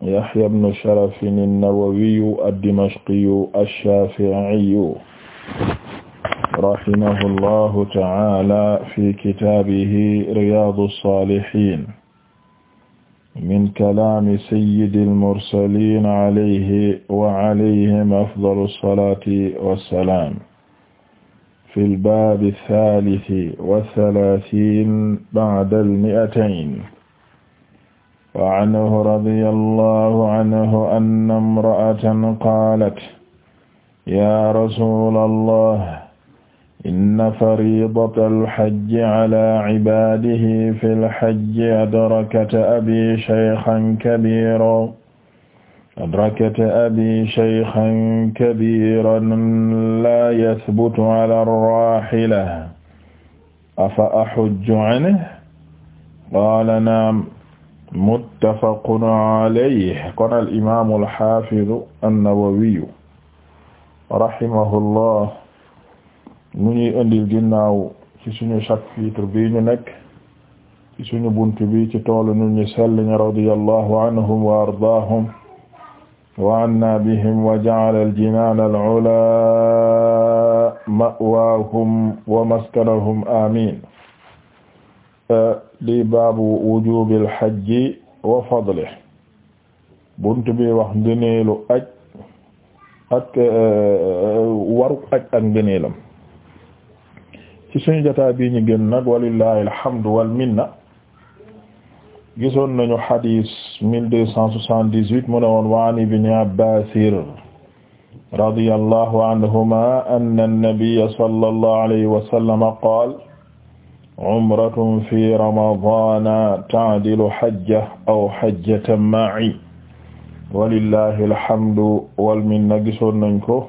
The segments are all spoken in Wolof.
Yahya ibn Sharaf an-Nawawi ad-Dimashqi ash-Shafi'i rahimahullahu ta'ala fi kitaabihi Riyaadu s-Saalihiin min kalaami sayyidil mursaliin alayhi wa alayhim afdalu s-salaati wa s-salaam fil baabi th-thaalith wa th-thalaathiin ba'da l-mi'atayn wa anhu radiya allahu anhu anna imra'atan qaalat yaa rasula allah inna fariidata alhajji ala cibaadihi fi lhajji adrakata abi shaykhan kabiiran adrakata abi shaykhan kabiiran laa yathbutu ala arraahila afa ahujju canhu qaala na'am muttafaqun alayhi kon al imaamu al xaafidu an-Nawawiyu rahimahullah mu ñuy indil ginnaaw ci suñu chapitre bi ñu nekk ci suñu bunt bi ci toolu ñu ñu sell ñi radiyallahu anhum wa ardaahum wa anna bihim wa ja'ala al-jinaan al-'ulaa ma'waahum wa maskanahum amiin di baabu wujubil hajji wa fadlih bunt bi wax ngëneelu aj ak euh, waruk aj ak ngëneelam ci suñu jotaay bi ñu gën nag walillahi alhamdu wal minna gisoon nañu xadiis mille deux cent soixante-dix-huit mu ne woon wa an ibni abbaasir radiyallahu anhuma anna an-nabiyya sallallahu alayhi wa sallam qaala umratun fi ramadana taadilu xajja aw xajjatan ma'i walillahi alhamdu walminna gisoon nañ ko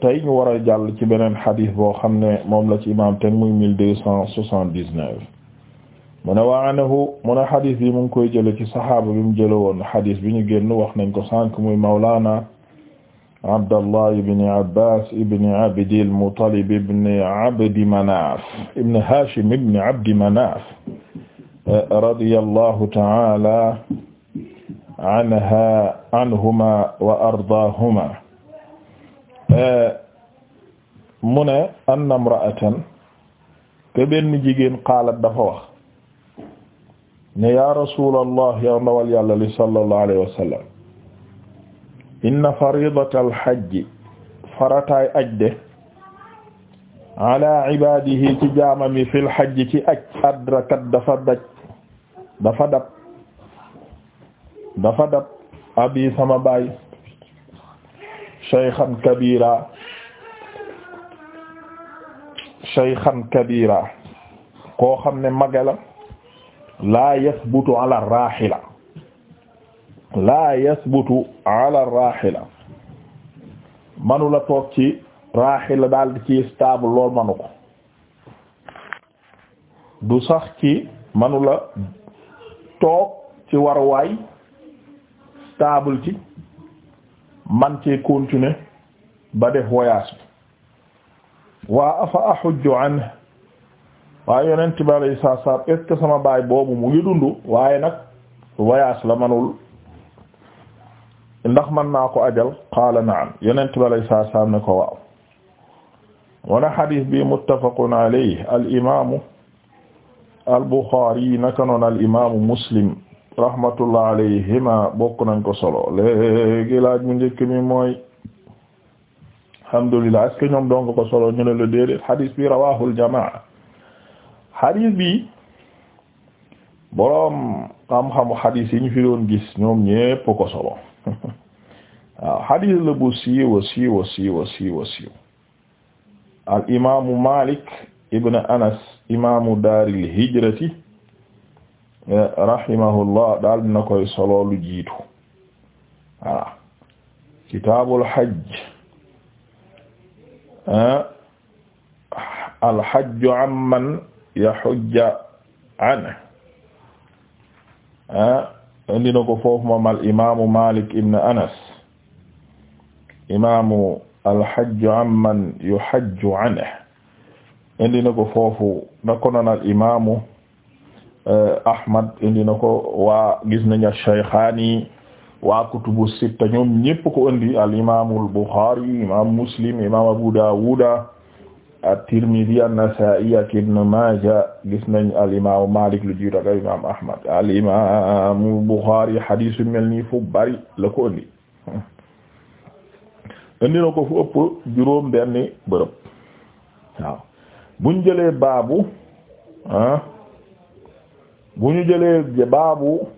tey ñu war a jàll ci beneen xadis boo xam ne moom la ci imam ten muy mille deux cent soixante-dix-neuf mu ne wa anhu mu ne xadis bi mu ngi koy jële ci saxaaba bi mu jële woon xadis bi ñu génn wax nañ ko sànq muy mawlaana Abdallah ibn Abbas ibn Abdil Muttalib ibn Abdi Manaf ibn Hashim ibn Abdi Manaf radiyallahu ta'ala anha anhuma wa ardaahuma mu ne anna imra'atan ke benn jigéen qaalat dafa wax ne ya rasulallah yow ndawal yàlla li sallallahu alayhi wa sallam inna faridatal hajji farataay aj de ala ibadihi ci jaamami fil hajji ci aj adrakat dafa daj dafa dab dafa dab abi sama baay shaykhan kabira shaykhan kabira koo xam ne magala la yasbutu ala rahila laa yasbutu ala rahila manu toog ci rahila daal di ci stable lool manu du sax ci manu la toog ci waruwaay stable ci man cee continuer ba def voyage bi waa afa ahujju an waaye yonent bi alayhi salaam est-ce que sama baay boobu mu ngi dund waaye nag voyage la manul ndax man naa ko ajal qaala naam yonent bi alayhi salaatu ne ko waaw wana xadis bi muttafaqun alayhi al imaamu al buxaari naka noonu al imaamu muslim rahmatullah alayhima bokk nañ ko solo léegi laaj mu njëkk mi mooy alhamdulillah est ce que ñoom doon ko solo ñu ne la déedéet xadis bi rawaahul jamaa xadis bi boroom xam-xamu xadis yi fi doon gis ñoom ñépp ko solo. waaw ah, xadiis la bu siiwa siiwa siiwa siiwa siiw al imaamu Malik ibn Anas imaamu daaril hijrati eh, rahimahullah daal dina koy solo lu jiitu voilà kitaabul hajj eh, al hajju amman yahujju anhu eh, indi na ko foofu moom al Malik ibn Anas imaamu alhajju amman yuhajju anhu indi na ko foofu nako noon al imaamu eh, Ahmad indi na ko waa gis nañ ash-Shaykhaani waa kutubu sitta ñoom ñépp ko indi al imaamu al Bukhari Muslim imaam Abu Daawuda at-Tirmidhi an-Nasa'i ak Ibn Maaja gis nañ al-imaamu Maalik lu jiitu ak al Ahmad al-imaamu Bukhari hadith mel nii fu bari la ko indi indi na ko fu ëpp juróom benni bërëb waaw buñ jëlee baabu ah bu ñu jëlee baabu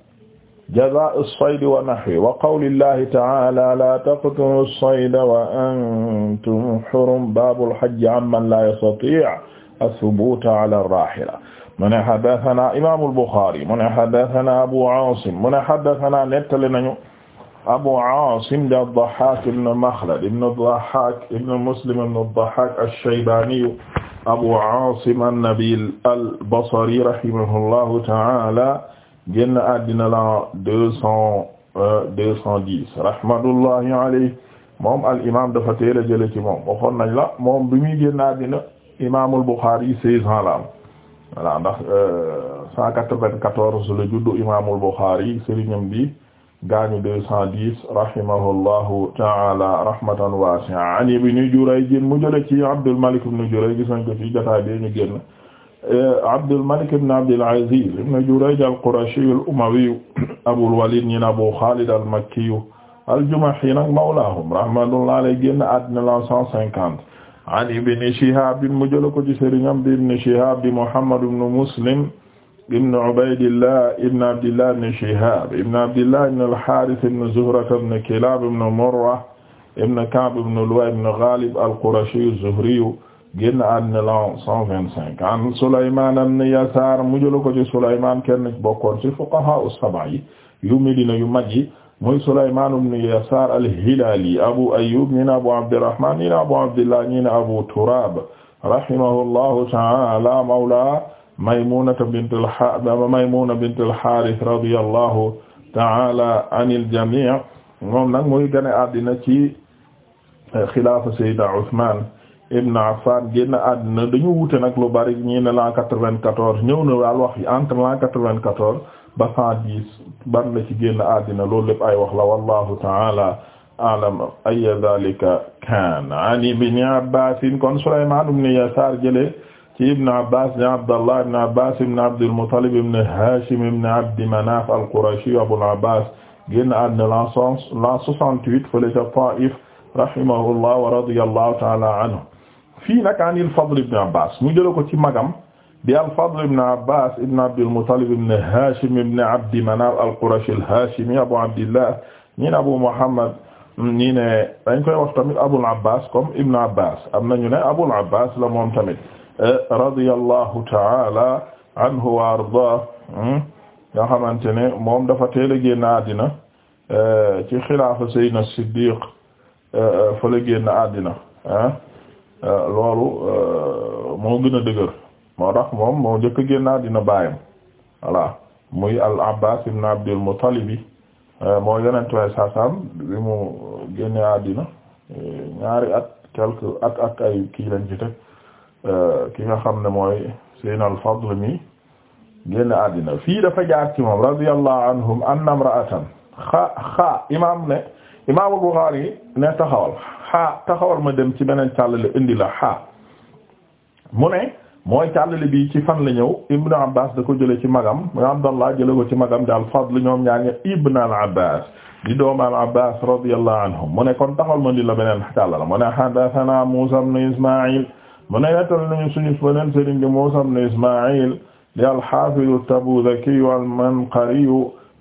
jazaa as-sayd wa nahwi wa qawlillahi ta'ala la taqtulu as-sayda wa antum hurum babul hajji amman la yastati' as-subuta ala ar-rahila mu ne haddathana imam al-Bukhari mu ne haddathana Abu Asim mu ne haddathana nettali nañu Abu Asim da ad-Dahhak ibn Makhlad ibn ad-Dahhak ibn Muslim ibn ad-Dahhak ash-Shaybani Abu Asim an-Nabil al-Basri rahimahullahu ta'ala génn àddina la deux cent euh, deux cent dix rahmatullahi alayhi moom al imam dafa teel a jële ci moom waxoon nañ la moom bi muy génn àddina imaamul Bukhari seize ans la am voilà ndax euh, cent quatre-vingt-quatorze le juddu imaamul Bukhari sëriñam bi gaañu deux cent dix rahimahullahu ta'ala rahmatan wasi'a an ibn Jurayj mu jële ci Abdul Malik ibn Jurayj gis nañ ko ci jotaay bi ñu génn Eh, Abdul Malik ibn Abdul Aziz ibn Jurayj al-Qurashi al-Umawi Abul Walid ñi Abu Khalid al-Makki al-Jumahi nag mawlaahum rahmatullahi alayhi génn àddina la 150 an Ibn Shihab mu jël ko ci sëriñam bi Ibn Shihab di Muhammad ibn Muslim ibn Ubaydillah ibn Abdillah ibn Shihab ibn Abdillah ibn al-Harith ibn Zuhra ibn Kilab ibn Murra ibn Ka'b ibn Lu'ay ibn Ghalib al-Qurashi az-Zuhri génn àddina la 125 an Sulaymaan ibn Yasaar mu jël ko ci Sulaymaan kenn bokkoon ci fuqahaa as-sab'a yi yu Medina yu mag yi muy Sulaymaan ibn Yasaar al-Hilaali Abu Ayyuub ñi ne Abu Abdurrahmaan ñi ne Abu Abdillah ñi ne Abu Turaab rahimahullahu ta'aala mawlaa Maymuna bint al-Haarith Maymuna bint al-Haarith radiyallahu ta'aala anil jamii' moom nag muy génn àddina ci xilaafa Sayyidina Usmaan ibn Affan génn àddina dañu wute nag lu bari ñii ne l'an quatre-vingt-quatorze ñëw na daal wax yi entre l'an quatre-vingt-quatorze ba cent dix ban la ci génn àddina loolu lépp ay wax la wallahu ta'ala a'lam ay dhalika kan an ibn Abbas kon Sulayman ibn Yasar jële ci ibn Abbas ni Abdallah ibn Abbas ibn Abdul Muttalib ibn Hashim ibn Abd Manaf al-Qurashi Abul Abbas génn àddina l'an soixante-huit fële ca Taif rahimahullah wa radiyallahu ta'ala anhu fii nag an al-Fadl ibn Abbas mu jëla ko ci magam di al-Fadl ibn Abbas ibn Abdul Muttalib ibn Hashim ibn Abdi Manaf al-Qurashi al-Hashimi Abu Abdillah ñi ne Abu Muhammad ñi ne dañ koy wax tamit Abul Abbas comme Ibn Abbas am nañu ne Abul Abbas la moom tamit eh, radiyallahu ta'ala anhu wa arda hmm? nga xamante ne moom dafa teel a génn àddina eh, ci xilaafa Sayyidina Siddiq eh, fa la génn àddina ah Euh, loolu euh, moo gën a dëgër moo tax moom moo njëkk génnaa dina bàyyam voilà muy al abbas ibn abdul muttalib yi euh, moo yonent way sasam bi mu génne àddina ñaari at quelque at ak ay kii lañ ci teg ki nga xam ne mooy seyna al fadl mi génne àddina fii dafa jaar ci moom radiyallahu anhum anna imra'atan xa xa ne imam al ne taxawal xaa taxawal ma dem ci beneen càllale indi la xaa mu ne mooy càllale bi ci fan la ñëw ibnu abbas da ko jële ci magam mooy abdallah jële ko ci magam daal fadl ñoom ñaar ñe ibnu al abbas di doomu al abbas radiyallahu anhum mu ne kon taxawal ma indi la beneen càllala mu ne hadathana musa ibn ismail mu ne nettal nañu suñu beneen sëriñ di musa ibn ismail di al hafiz at-tabuzaki al manqari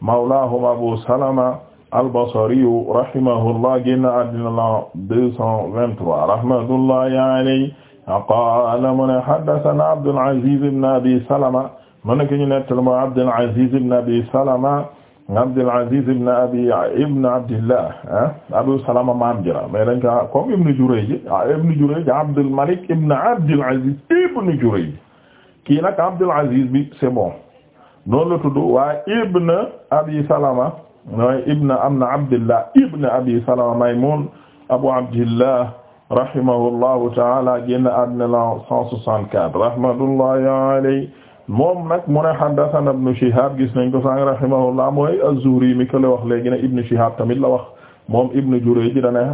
mawlahum abu salama al-Basri rahimahullah génn àddina la 223 rahmatullahi alayhi qaala Abdul Aziz ibn Abi Salama mu ne ki ñu Abdul Aziz ibn Abi Salama Abdul Aziz ibn Abi ibn Abdillah ah, Abu Salama maam jëla mais dañ ka comme Ibn ah, Abdul Malik ibn Abdul Aziz ibn Jurayj kii nag Abdul Aziz bi c'est bon noonu la tudd waaye Ibn Abi Salama mooy ibn amna abdillah ibn abi salama maymun abu abdillah rahimahullahu taala génn àddina la 164 rahmatullahi alayhi moom nag mu ne haddathana ibn shihab gis nañ ko sàng rahimahullah mooy az-zuhri mi ko la wax léegi ne ibn shihab tamit la wax moom ibn jurayj dana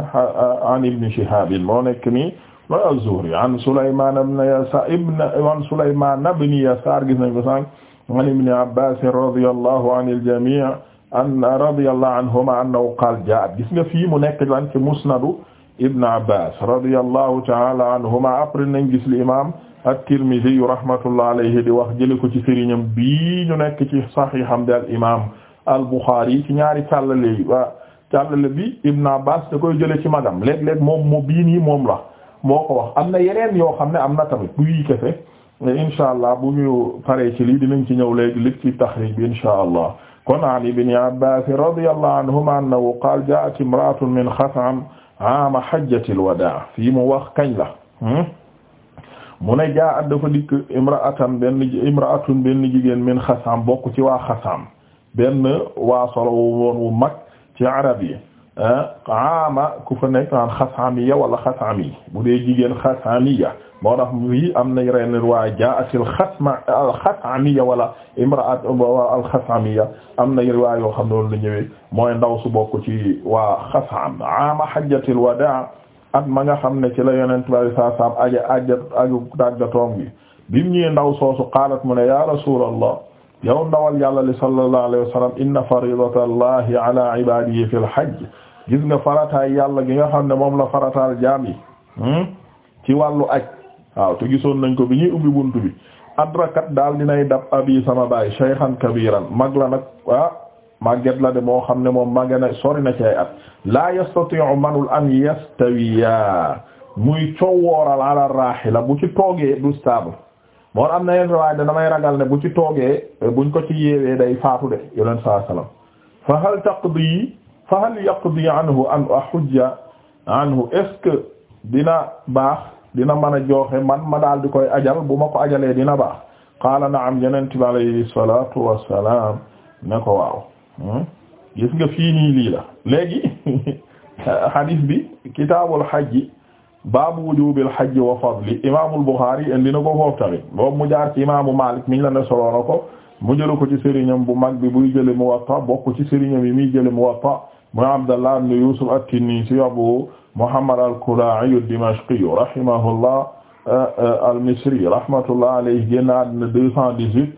an ibn shihab moo nekk ni mooy az-zuhri an sulayman ibn yasar ibn an sulayman ibn yasar gis nañ ko sàng an ibn abbas radiyallahu anil jami' an radiyallahu anhuma annahu qaal jaat gis nga fii mu nekk lan ci musnadu Ibn Abbas radiyallahu ta'ala anhuma après nañ gis li imam at-Tirmidhi rahmatullah alayhi di wax jële ko ci sëriñam bii ñu nekk ci sahiham bi al imam al-Bukhari ci ñaari càllale waa càllale bi Ibn Abbas da koy jële ci magam léeg-léeg moom moo bii nii moom la moo ko wax am na yeneen yoo xam ne am na tamit bu yi kese insha allah bu ñu paree ci lii dinañ ci ñëw léegi li ci taxriij bi insha allah kon an ibni abbas radiyallahu anhuma annahu qaal jaat imraatun min xasam ama hajjatil wadaa fii mu wax kañ la hmm? mu ne jaa dafa dikk imraatan benn imraatun benn jigéen min xasam bokk ci waa xasam benn waa solo woon wu mag ci arab yi Ah ama ku fa nekk naan xasamiya wala xasami bu dee jigéen xasamiya moo tax fii am nañ ren riwaaya jaatil xasma alxasamiya wala imraat alxasamiya am nañ riwaaya yoo xam ne loolu la ñëwee mooy ndaw su bokk ci waa xasam ama hajjatil wadaa at ma nga xam ne ci la yonent bi saa saam aja aja aju dàggatoom bi bim ñëwee ndaw soosu qaalat mu ne ya rasulallah yow ndawal yàlla li sallallahu alayhi wa sallam inna faridatallahi ala ibadihi fil hajj gis nga farataay yàlla gi nga xam ne moom la farataal jaam yi hmm? ci wàllu aj waaw te gisoon nañ ko bi ñuy ubbi bunt bi adrakat daal di dinay dab abi sama baay shaykhan kabiran mag la nag ah màgget la de moo xam ne moom màgge na sori na ci at la yastati'u manul an yastawiya muy coowooral ala rahila bu ci toogee du stable moon am na yenn waaye da damay ragal ne bu ci toogee eh, buñ ko ci yeewee day faatu de yoneen salaam fa hal taqdi fa hal yaqdi anhu an ahujja anhu est-ce dina baax a joxe man ma daal di koy ajal bu ma ko ajalee dina baax qaala naam yenent bi alayhi salatu wassalam ne ko waaw hmm? gis nga fii nii lii la léegi hadith bi kitaabul hajji baabu wujubil hajji wa fadli imaamul Buxaari indi na ko foofu tamit mu jaar ci imaamu Maalik miñ la ne soloona ko mu jëlu ko ci sëriñam bu mag bi buy jële Muwatta bokk ci sëriñam yi muy mu Muwatta mooy Abdallah ibn Yusuf at-Tinnisi Abu Muhammad al-Kala'i ad-Dimashqi rahimahullah euh, euh, al-Misri rahmatullah alayhi génn àddina deux cent dix-huit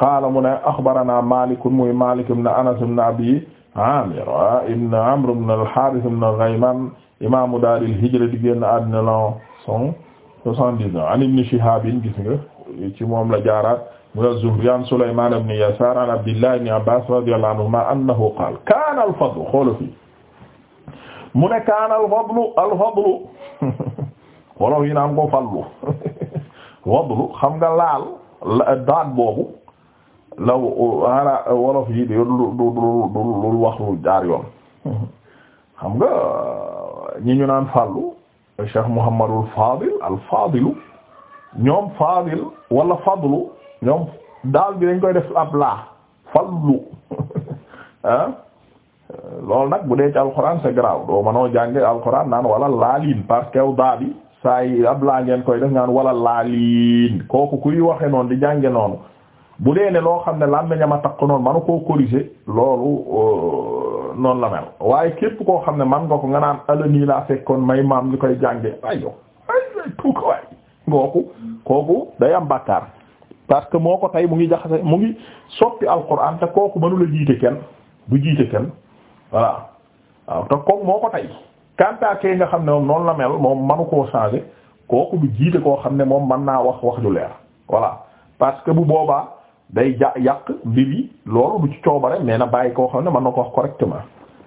qaala mu ne axbaranaa Maalik muy Maalik ibn Anas ibn Abi Aamir ibn Amr ibn al-Haarith ibn Ghaymaan imaamu daar al-hijra di génn àddina l'an cent soixante-dix-neuf an Ibn Shihaab gis nga ci moom la jaaraat mu az-Zuhri an Sulaymaan ibn Yasaar an Abdillah ibn Abbaas radiyallahu anhumaa annahu qaala kaana al-fadlu xoolal mu ne kaana al-fadlu al-fadlu xoolal yi naan ko fadlu fadlu xam nga laal daat boobu law xanaa wolof yi du du du wax lu jaar yoon xam nga ñi ñu naan fàllu Cheikh Mouhamadul Fadil al Fadilu ñoom Fadil wala Fadlu. ñoom daal bi dañ koy def ab laa fallu ah loolu nag bu dee ci alxuraan c'est grave doo mënoo jànge alxuraan naan wala laaliin parce que aw daa bi saa yi ngeen koy def naan wala laaliin kooku kuy waxe noonu di jànge noonu bu dee ne loo xam ne lan nañama takk noonu manu koo corriger loolu euh, noonu la mel waaye képp koo xam ne man nga ko nga naan ala nii laa fekkoon may maam li koy jànge ay ay ay tuuka waay ngooku kooku day am bàkkaar parce que moo ko tey mu ngi jaxase mu ngi soppi alquran te kooku mënula jiite kenn du jiite kenn voilà waaw te kooku moo ko tey kantaakee nga xam ne moom noonu la mel moom manu koo changer kooku du jiite koo xam ne moom man naa wax wax ju leer voilà parce que bu boobaa day ja yàq mbir yi loolu du ci coobare mais na bàyyi koo xam ne mën na ko wax correctement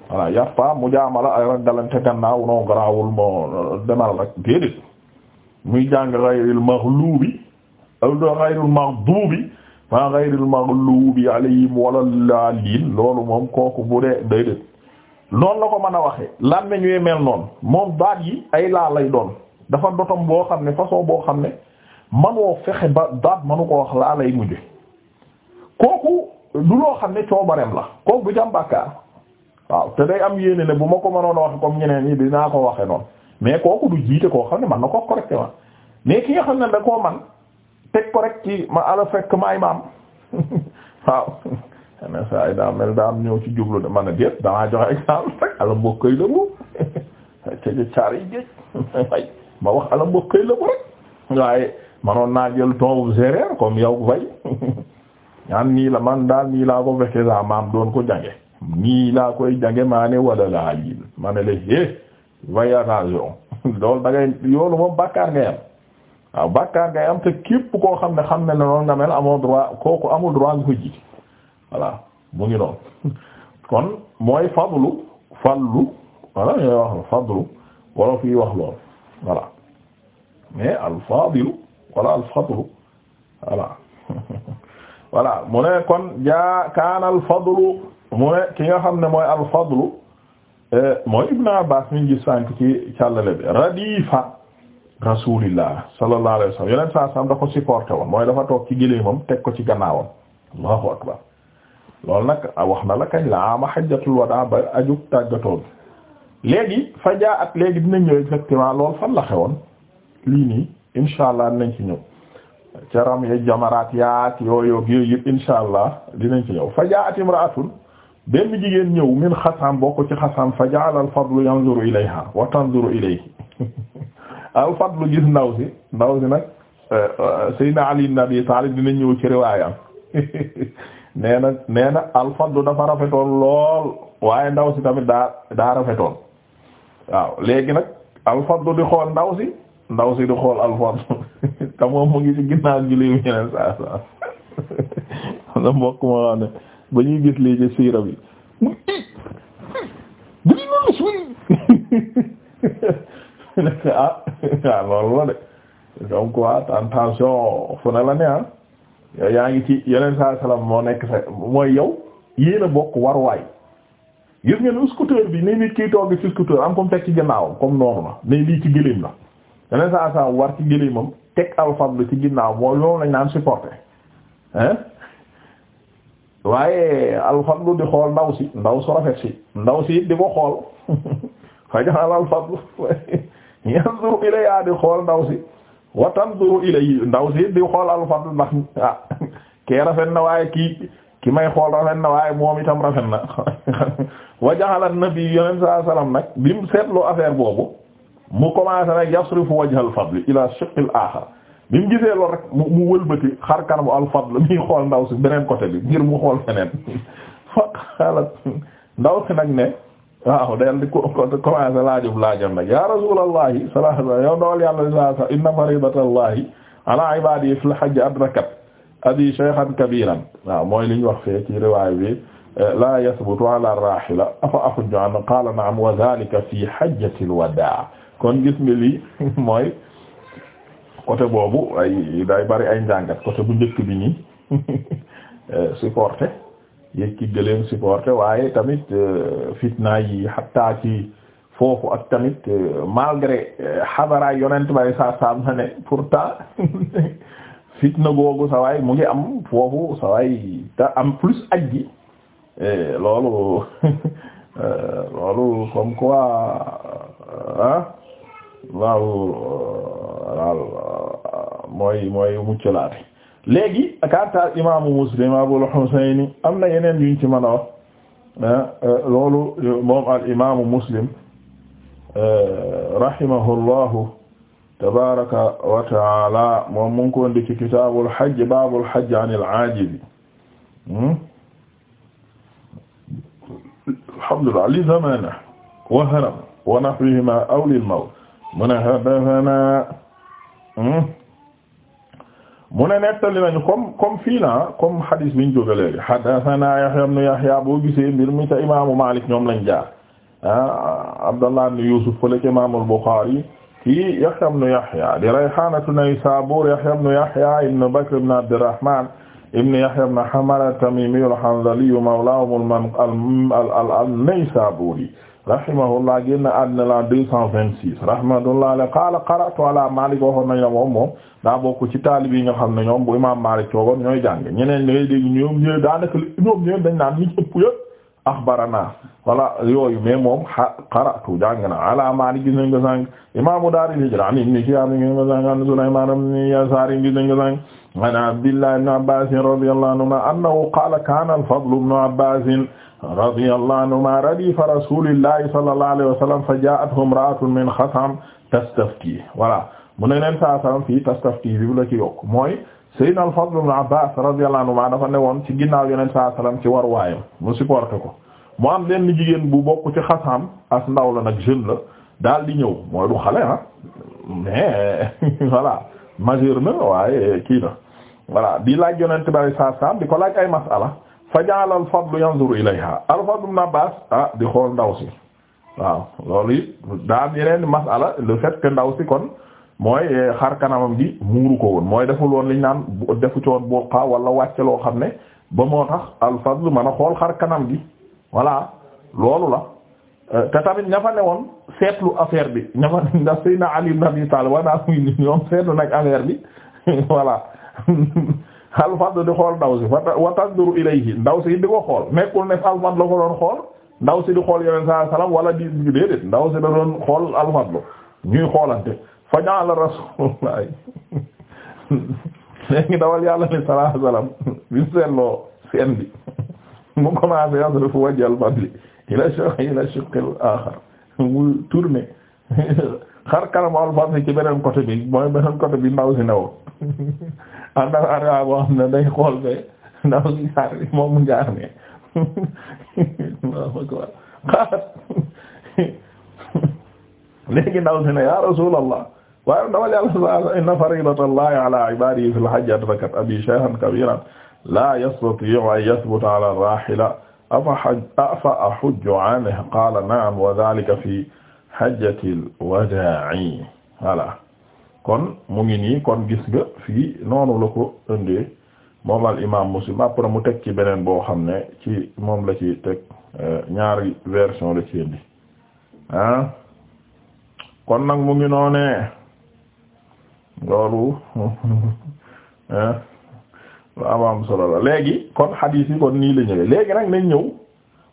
voilà yar pa mu jaamala ay ragalante gannaaw noo garaawul moo demal rek déedéet muy jàng aw ghayril maghdubi wa ghayril maghlubi alayhim wala daalliin loolu moom kooku bu dee day dee noonu la ko mën a waxee lan la ñuy mel moom baat yi ay laa lay doon dafa dotom boo xam ne boo xam ne manoo fexe ba baat manu ko wax laa lay mujje kooku du loo xam ne coobareem la kooku bu jàm bàkkaar waaw te day am yéene ne bu ma ko mënoon a waxe comme ñeneen ñi dinaa ko waxe noonu mais kooku du jiite koo xam ne man na ko correctement mais ki nga xam ne da koo man teg ko rek ma ala fekk maay maam waaw xanaa saa yi daa mel daa am ci jublu man a déet damaa joxe exemple rek ala mbokk la mu ca caar yi géej ma wax ala mbokk yi la mu rek waaye manoon naa jël toobu séeréer comme yow bay ñaan nii la man daal nii laa ko fekkee saa maam doon ko jange nii laa koy jange maa ne wala laa yi ma ne la hé way attention loolu da ngay yoolu moom bàkkaar nga yam waaw bàkkaar ngay am te képp koo xam ne xam ne noonu nga mel amoo droit kooku amul droit nga ko jiite voilà mu ngi noonu kon mooy fadlu fadlu voilà ñooy wax fadlu wala fi wax lool voilà mais al fadilu wala al fadlu mu ne kon jaa kaana al mu ne ki nga xam ne mooy al fadlu eh, mooy Ibn Abbas mi ngi gis sànk ci bi radifa rasulillah sallallahu alayhi wasallam yeneen saa saam da ko supporté woon mooy dafa toog ci gëléemam teg ko ci gannaawam allahu akbar loolu nag wax na la kañ la ama hajjatul wadaa ba aju tàggatoo bi léegi fa at léegi dinañ ñëw exactement lool fan la lii nii insha allah dinañ ci ñëw ca ram ya jamaraat yaak yooyu yooyu insha allah dinañ ci ñëw fajaa jaa at benn jigéen ñëw min xasam bokk ci xasam fa al fadlu yanzuru ilayha wa tanzuru ilayhi al fadlu gis ndaw si ndaw si nag Seydina Ali ibn Abi Talib dina ñëw ci riwaayam nee na nee na al fadlu dafa rafetoon lool waaye ndaw si tamit daa daa rafetoon waaw léegi nag al fadlu di xool ndaw si ndaw si di xool al fadlu te mu ngi ci ginnaaw gi lii ñeneen saa saa sa mbokk ñuy gis lii i ah loolu la de donc quoi attention fu ne la ne ah yaa ngi ci yeneen saa salaam moo nekk sa mooy yow yéen a bokk waruwaay gis ngeen ne scooter bi ni nit kiy toog ci scooter am comme teg ci ginnaawam comme noonu la ne lii ci gëléem la yeneen saa salaam war ci gëléemam teg alphab ci ginnaaw mooy loolu lañ naan supporter hein waaye alfadlu di xool ndaw si ndaw su rafet si ndaw si it di ko xool fa jaxal yanzuru ilayha di xool ndaw si wa tanzuru ilayhi ndaw si di xool al fadl ndax ah, kee rafet na waaye kii ki may xool rafet na waaye moom itam rafet na wa jaxala nabi yonent saa salaam nag bi mu seetloo affaire boobu mu commencé nag yasrifu wajha al fadl ila shiqq al axar bi mu gisee loolu rek mu wëlbati xar kanamu al fadl mi xool ndaw si beneen côté bi ngir mu xool feneen fa xaalat ndaw si nag ne. waaw dal di ko commencé laajub laajam ya rasulallahi sallallahu alayhi wa sallam yow dawal yàlla sallallahu alayhi inna faridatallahi ala adrakat abi shaykhan kabiran mooy liñ wax fee ci riwaay bi la yasbutu ala rahila afa ahujju an qala na'am wa dhalika fi hajjati alwada kon gis li lii mooy côté boobu ay day bari ay njàngat côté bu njëkk bi nii eh, supporté yëkki gëléem supporté waaye tamit euh, fitna yi xataa ci foofu ak tamit euh, malgré euh, xabaraay yonent bay saa saam na ne fitna googu sa waay mu ngi am foofu sa waay te am plus aj eh, loolu loolu comme quoi ah waaw daal mooy mooy muccalaate léegi kantar imaamu muslim abul husayni am na yeneen yuñ ci mën a wax ah, euh, loolu euh, moom al imaamu muslim euh, rahimahullahu tabaraka wa taala moom mu ngi ko indi ci kitaabul hajj baabul hajj anil aajiz hmm? alhamdulillah li zamana wa haram wa nahwihima aw lil mawt mun haddathana hmm? mu ne nettali nañu comme comme fii na comme hadis biñ jóge léegi haddathana Yahya ibn Yahya boo gisee mbir mi ca imaamu Malik ñoom lañ jaar ah Abdallah ibn Yusuf fële ca imaamul Bukhari kii Yahya ibn Yahya di rayhanatu Naysabur Yahya ibn Yahya ibn Bakr ibn Abdurrahman ibn Yahya ibn Hamara at-Tamimi al-Hanzali mawlahum al-Naysaburi rahimahullah génn àddina la deux cent vingt-six rahmatullah ala qaala qara'tu ala Maalik waxoon nañ la moom moom daa bokk ci taalib yi nga xam ne ñoom bu imaam Maalik coogoon ñooy jàng ñeneen ñi ngay dégg ñoom ñooy daanaka ñoom ñooy dañ naan ñi ëpp yëpp axbarana wala yooyu mais moom qara'tu jàng na ala Maalik gis nañ ko sànq imaamu daaril hijra an ibn Shihaab gis nañ ko sànq an Sulaymaan ibn an Abdillah ibn Abbaas radiyallahu anhumaa annahu kaana al-Fadl Abbaas radiyallahu anhuma radifa rasulillahi sallallahu alayhi wa sallam fa ja'atuhu imra'atun min Xasam tastafti voilà mu ne leen saa salaam fii tastafti bi la ci yokk mooy Seydina al-Fadl ibn Abbas radiyallahu anhuma dafa newoon ci ginnaaw yeneen saa salaam ci war mu supporté ko mu am benn jigéen bu bokk ci Xasam as ndaw la nag jeune la daal di ñëw mooy du xale ah mais voilà majeur na waaye kii na voilà di laaj yonent bi saa salaam di ko laaj ay masala fa ja'ala al-Fadl yanzuru ilayha al-Fadl ibn Abbas ah di xool ndaw si waaw loolu it daan yeneen masala le fait que ndaw si kon mooy eh, xar kanamam gi muuru ko woon mooy deful woon liñ naan defu ci woon boqa wala wàcce loo xam ne ba moo tax al-Fadl mën a xool xar kanam gi voilà loolu la eh, te tamit ña fa ne woon seetlu affaire bi ña fa ndax Seydina Ali ibn Abi Talib wanaa muy ni ñoom seetlu nag affaire bi voilà alfadl di xool ndaw si wa tanduru ilayhi ndaw si di ko xool nekkul ne alfadl la ko doon xool ndaw si di xool yeneen saa salaam wala di déedéet ndaw si da doon xool alfadl ñuy xoolante fa ja'ala rasulullah léegi dawal yàlla ni salaa salaam bi seetloo seen bi mu commencé yasrifu wajhal fadli ila shuqqi ila shuqqil akhar mu tourné xar kanam alphansi ci beneen côté bi mooy beneen côté bi ndaw si newoon ànd ak araa boo xam ne day xool be ndaw si jaar bi moom jaar ne léegi ndaw si ne ya rasulallah waaye ndawal yàlla inna faridatallahi ala ibadihi fil hajji adrakat abi shaykhan kabiran la yastati'u an yathbuta ala rahila afa ahujju anhu qala na'am wa dhalika fi hajjatil wadaa'i voilà kon mu ngi nii kon gis nga fii noonu la ko indee moom al imaam muslim après mu teg ci beneen boo xam ne ci moom la ci teg euh, ñaari version la ci indi kon nag mu ngi noone loolu lu amaam solo la léegi kon hadith yi kon nii la ñëwee léegi nag nañ ñëw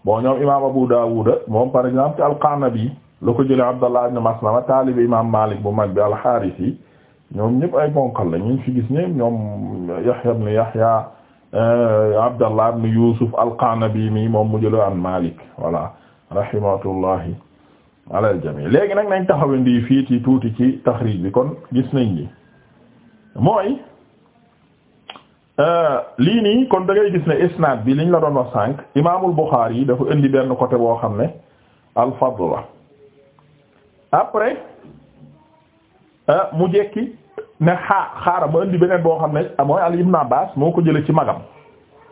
bon ñoom imaam Abu Daawuda moom par exemple al-Qanabi loo ko jëlee Abdallah ibn Maslama taalibe imaam Maalik bu mag bi al-Haarisi ñoom ñëpp ay bonkal la ñu fi gis ñëpp ñoom Yahya ibn Yahya euh, Abdallah ibn Yuusuf al-Qanabi mi moom mu jëlee an Maalik voilà rahimatullahi ala al-jamii léegi nag nañ taxawandi fii ci tuuti ci taxriij bi kon gis nañ ni mooy euh, lii nii kon da gis ne isnaad bi liñ la doon wax sànq imaamul Buxaari yi dafa indi benn côté boo xam ne al la après euh, mu jekki ne xaa xaaral ma indi beneen boo xam ne ah, mooy al Ibn Abbas moo ko jëlee ci magam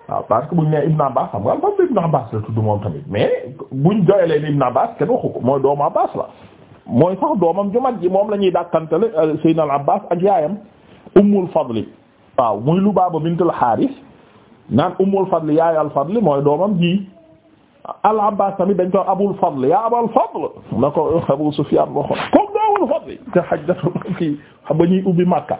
waaw parce que buñ nee Ibn Abbas xam nga alhamdulilah Ibn Abbas la tudd moom tamit mais buñ doyalee ni Ibn Abbas kenn waxu ko mooy doomu Abbas la. mooy sax doomam ju ji moom la ñuy dàkkantale euh, Seydina al ak yaayam Ummul Fadli waaw muy Lubaaba bintul Haaris naan Ummul Fadli yaayu al Fadli mooy doomam ji. al Abbaas tamit dañ ko Abul Fadl yaa Abul Fadl na ko Abu Sufyaan waxoon comme daa Abul Fadl te hajjatul kii ba ñuy ubbi Makka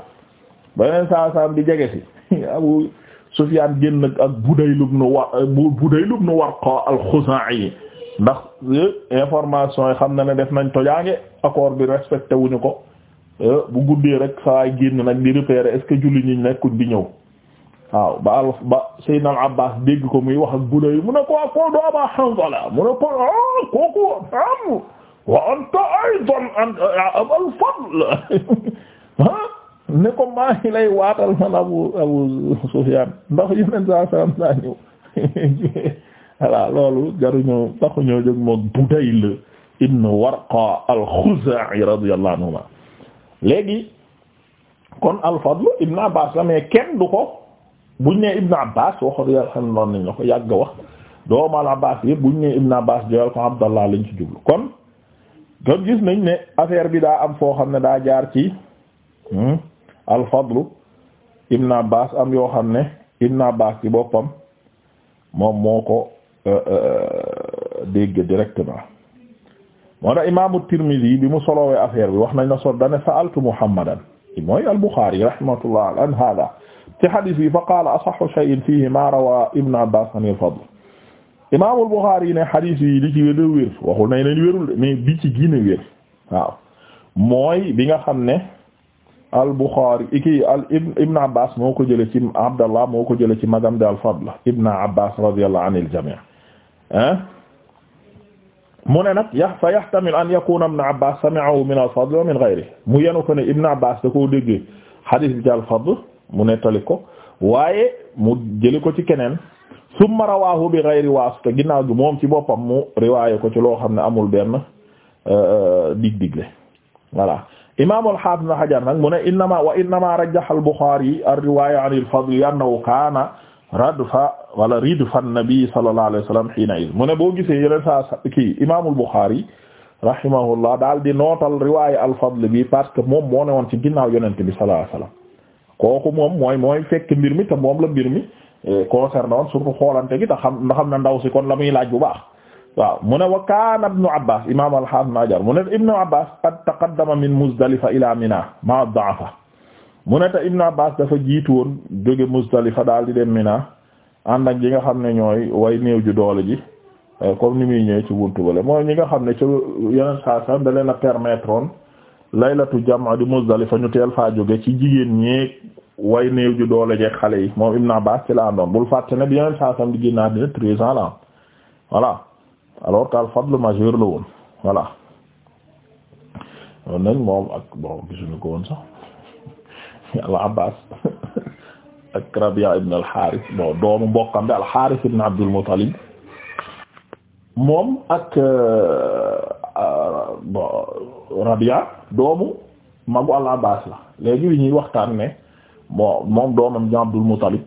ba yeneen saa saa jege si Abu Sufyaan génn ak Budayl ibn War Budayl ibn Warqa al-Xuzaa'i ndax eh, information yi xam na ne def nañ tojaange accord bi respecté wuñu ko eh, bu guddee rek saa génn nag di repérer est-ce que julli ñi nekkuñ di ñëw. waaw ba al al Abbas dégg ko muy wax ak gune yi mu ko ak koo doo Aba Hanzala mu ne ko ah kooku am wa anta aydan an Abal Fadl ah ne ko maa ngi lay waatal man Abu Abu Sufyan ndax yeneen saa salaam naa ñëw voilà loolu jaruñoo taxuñoo jóg moog Budayl ibn Warqa al-Khuzaa'i radiyallahu anhuma léegi kon al-Fadl ibn Abbas la mais kenn du ko. buñ ne Ibn Abbas waxoon yàlla xam noonu nañ la ko yàgg wax doomu al Abbas yëpp buñ ne Ibn Abbas joyal ko Abdallah lañ ci jublu kon kon gis nañ ne affaire bi daa am foo xam ne daa jaar ci hmm, al Fadlu Ibn Abbas am yoo xam ne Ibn Abbas ci boppam moom moo ko euh, euh, dégg directement moo tax imaamu Tirmidhi bi mu solowee affaire bi wax nañ la sot dane sa'altu Muhammadan mooy al Bukhari rahmatullah an hada ci hadis bi fa qaala asaxu shay'in fiihi maa rawaa Ibn Abbas an al-Fadl imaamul Buxaari yi ne hadis yi li ci wér wér waxul nañ leen wérul mais bi ci gën a wér waaw mooy bi nga xam ne al Buxaari iki al Ibn Abbas moo ko jëlee ci Abdallah moo ko jëlee ci magam de al-Fadl Ibn Abbas radiyallahu anil jamii ah. mu ne nag ya fa yahtamil an yakuna ibn Abbas sami'ahu min al-Fadl wa min ghayrihi mu yenu ko ne Ibn Abbas da koo déggee hadis bi ci al-Fadl mu nettali ko waaye mu jëli ko ci keneen summa rawahu bi ghayri wasita ginnaaw gi moom ci boppam mu riwaaye ko ci loo xam ne amul benn euh, euh, dig-digle voilà imam al-hafiz ibn hajar nag mu ne innama wa innama rajjaha al-bukhari ar-riwaya an al-fadl annahu kana radfa wala ridfa an-nabi sallallahu alayhi wasallam hina iz mu ne boo gisee yeneen saa kii imam al-bukhari rahimahullah daal di nootal riwaya al-fadl bi parce que moom moo ne woon ci ginnaaw yonent bi sallallahu alayhi wasallam kooku moom mooy mooy fekk mbir mi te moom la mbir mi eh, concerné woon surtout xoolante gi te xam na xam ne ndaw si kon la muy laaj bu baax waaw mu ne wa kaana ibnu abbas imam alhasn ajar mu ne ibnu abbas qad taqaddama min muzdalifa ila minaa ma daafa mu ne te ibnu abbas dafa jiitu woon jóge muzdalifa daal di dem mina ànd ak yi nga xam ne ñooy way néew ju doole ji eh, comme ni muy ñëwee ci buntu bale mooy ñi nga xam ne ci yeneen saa sax da leen a permettre laylatu jam'a di Muzdalifa ñu teel faa jóge ci jigéen ñeeg way néew ju doole jeeg xale yi moom Ibn Abbas ci la andoon bul fàtte ne bi yeneen saa sam di génnaat dina treize ans la voilà alors que al fadl majeur la woon moom ak bon gisuñu ko woon sax al Abbas ak Rabia ibn al Harith doomu mbokkam bi al Harith ibn Abdul Muttalib moom ak euh, bon Rabia doomu magu al Abbas la léegi li ñuy waxtaan ne bon moom doomam di Abdul Muttalib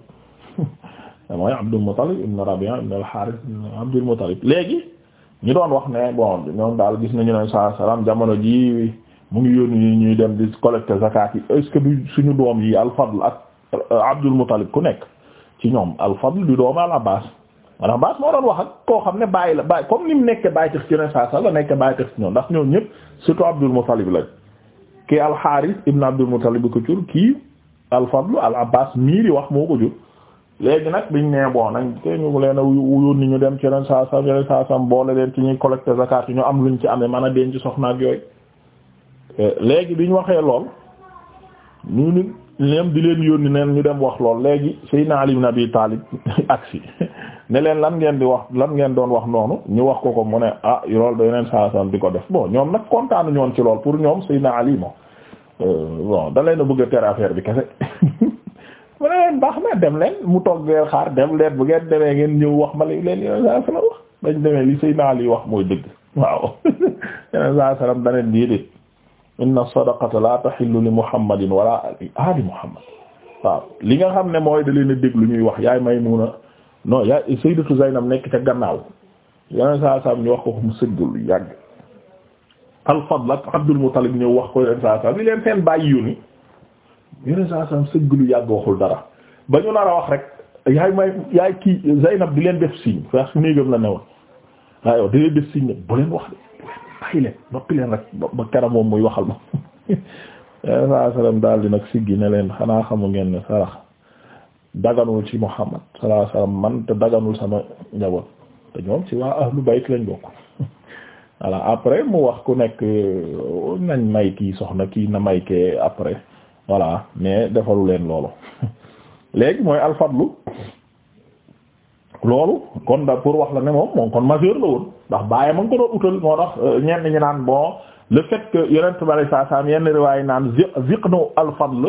mooy Abdul Muttalib ibn Rabia ibn al ibn Abdul Muttalib léegi ñu doon wax ne bon ñoom daal gis nañu ne saa salaam jamono ji mu ngi yónni ñu ñuy dem di collecter zakat yi est du suñu doom yi al-Fadl ak euh, Abdul Muttalib ku nekk ci ñoom al-Fadl du doomu al Abbas maanaam baas moo doon wax ak koo xam ne bàyyi la bàyyi comme ni mu nekk bàyyi tax ci yoneen saa sa la nekk bàyyi tax ci ñoom ndax ñoom ñëpp surtout Abdul Muttalib lañ kii al ibn Abdul Muttalib bi ko jur kii al-Fadl al-Abbaas mii wax moo ko jur léegi nag biñ nee bon nag te ñu leen a yónni ñu dem ci yoneen saa sa yoneen saa sam boole leen ci ñuy collecté zakat yi ñu am luñ ci amee man a denc soxna ak yooyu eh, léegi biñ waxee lool ñu nit ñoom di leen yónni neen ñu dem wax lool léegi Seydina Ali ibn Abi Talib aksi ne leen lan ngeen di wax lan ngeen doon wax noonu ñu wax ko ko mu ne ah loolu da leen saa saal di ko def bon ñoom nag kontaanu ñoon ci lool pour ñoom Seydina Ali moom euh, bon da leen a bëgg a affaire bi kese mu ne mu toog ngeen xaar dem leen bu ngeen demee ngeen ñëw wax ma li leen dañ demee li Seydina Ali wax mooy dëgg waaw yeneen saa salaam da leen di inna sadaqata la tahillu li muhammadin wala ali muhammad waaw li nga xam ne mooy da leen a déglu ñuy wax yaay Maymuna non yaay sayyidatu Zaynab nekk ca gannaaw yeneen saa saam ñu wax ko mu sëggul yàgg al-Fadl ak Abdul Muttalib ñëw wax ko yeneen saa saam li leen seen bàyyi yu ni yeneen dara ba ñu nar wax rek yaay may yaay kii Zaynab di leen def signe sax néegam la ne woon di leen def signe bu leen wax de bàyyi leen noppi leen rek ba keroog moom muy waxal ma saa salaam daal di nag siggi ne leen xanaa xamu ngeen ne sarax daganul ci Muhammad salaa salaam man te daganul sama njaboot te ñoom si waa ahlu bayt lañ bokk voilà après mu wax ku nekk nañ may kii soxna kii na may kee après voilà mais defalu leen loolu léegi mooy alfadlu loolu kon da pour wax la ne moom moom kon majeur la woon ndax bàyyi ma nga ko doon utal moo tax euh, ñenn ñi naan bon le fait que yonent bari saa saam yenn riwaay naan zi ziqnu al-Fadl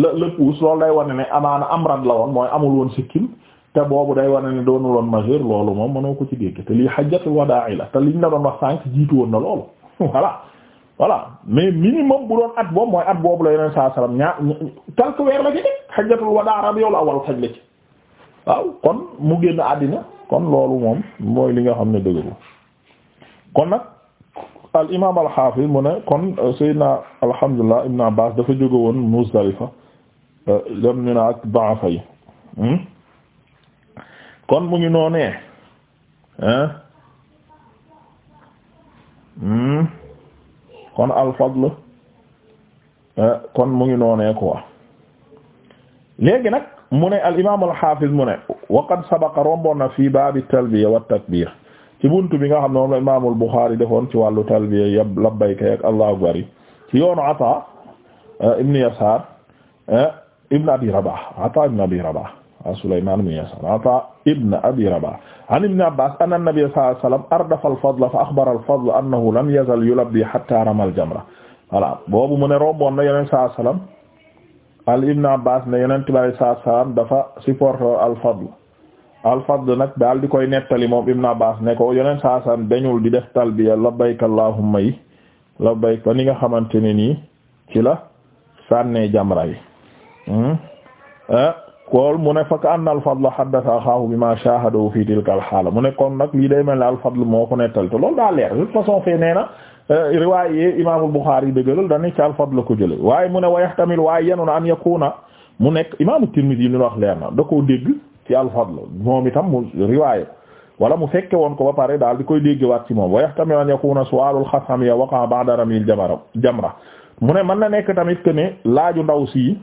la la puus loolu day wane ne amaana amrad la woon mooy amul woon sikkim te boobu day wane ne doonu woon majeur loolu moom mënoo ko ci dégg te lii hajjatul wadaa la te liñ la doon wax sànq jiitu woon na loolu voilà. voilà mais minimum bu doon at boobu mooy at boobu la yeneen saa salaam ñaar quelques weer la ci def hajjatul wadaa rabiul awwal faj waaw kon mu génn àddina kon loolu moom mooy li nga xam ne dëgëru kon nag al imaam al xaafis mu ne kon euh, Seydina alhamdulilah Ibn Abbas dafa jóge woon Muzdalifa euh, dem ñu na ak daafa yi hmm? kon mu ngi noonee hmm? kon al fadl euh, kon mu ngi noonee quoi léegi nag. mu ne al imaam al xaafiz mu ne waqad sabaqa romboon na fii baabi talbiya wa takbiir ci buntu bi nga xam ne moom la imaamul Buxaari defoon ci wàllu talbiya yab labbayka ak allahu akbar ci yoonu Ataa eh, ibn Yasaar eh, ibn Abi Rabaah Ataa ibn Abi Rabaah a Sulaymaan ibn Yasaar Ataa ibn Abi Rabaah an ibn Abbaas anna an-nabiyya sallallaahu alayhi wa sallam ardafa al-fadla fa akhbara al-fadla annahu lam yazal yulabbi hattaa rama al-jamra voilà boobu mu ne romboon na yeneen saa salaam al ibn abbas ne yonent bi saa salaam dafa supporter al-Fadl al-Fadl nag daal di koy nettali moom ibn abbas ne ko yonent saa salaam dañul di def talbiya labbayka allahumma yi labbayk ba ni nga xamante ne nii ci la sànnee jamra yi kool hmm? eh, mu ne fa ka anna al-Fadl haddatha axaahu bimaa shaahadahu fi tilka al-haala mu ne kon nag lii day mel ne al-Fadl moo ko nettali te loolu daa leer de façon fee nee na Euh, riwaaye imaamul Buxaari dëggalal dani ci al la ko jële waaye mu ne wa yaxtamil waaye yenu na an yakuna mu nekk imaamu Tirmidi yi li wax leer na da koo dégg ci al moom itam mu riwaaye wala mu fekke woon ko ba pare daal di koy déggewaat ci moom wa yaxtamil an yakuna su'aalul xasamiya waqa ba'da ramil jamra jamra mu ne mën na nekk tamit que ne laaju ndaw si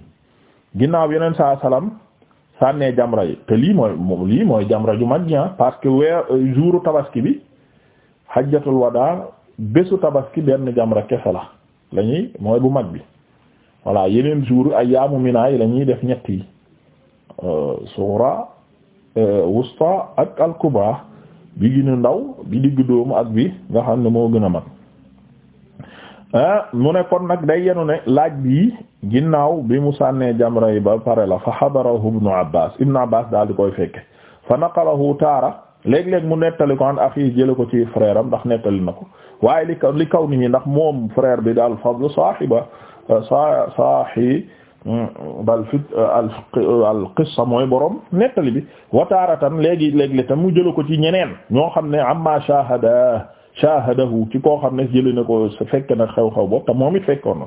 ginnaaw yeneen saa sa sànnee jamra yi te lii mooy lii mooy jamra ju mag ah, parce que weer euh, jouru tabaski bi hajjatul bésu tabaski benn jamra kese la la ñuy mooy bu mag bi voilà yeneen jour ay yaamu minaa yi def ñett yi euh, suura euh, wusta ak alkuba bi gën ndaw bi digg dóomu ak bi nga xam ne moo gën a mag ah, mu ne kon nag day yenu ne laaj bi ginnaaw bi mu sànnee jamra yi ba pare la fa xadarahu ibnu abbas ibnu abbas daal di koy fekke fa naqalahu taara léeg-léeg mu nettali ko an axi ko ci frère ndax nettali na ko waaye li kaw li kaw nit ñi ndax moom frère bi daal fadl saahiba euh, sa saahi hmm, bal fi euh, al qissa mooy borom nettali bi wataaratan léegi léegi tam mu jële ko ci ñeneen ñoo xam ne amma shahada shahadahu ci ko xam ne jële na ko fekk na xew-xew bopp te moom it fekkoon na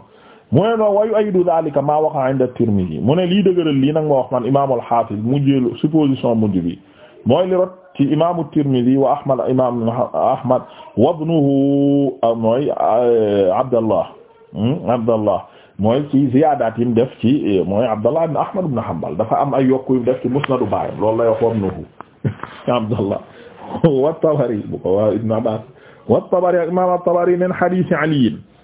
mu ne noon wayu ayidu daalika maa a inda Tirmidhi mu ne lii dëgëral lii nag ma wax man imaam al-Hafiz mujjéelu supposition mujj bi mooy li rot ci imaamu Tirmidhi wa Ahmad imaam Ahmad wa ibnuhu ah, mooy eh, Abdallah hmm, Abdallah mooy ci ziyaadaat yi mu def ci eh, mooy Abdallah ibn Ahmad ibn Hanbal dafa am ay yokku yu def ci musnadu baayam loolu lay wax wa ibnuhu Abdallah wa Tabari bu ko wa ibn Abbas wa Tabari imaam Tabari min hadiisi Ali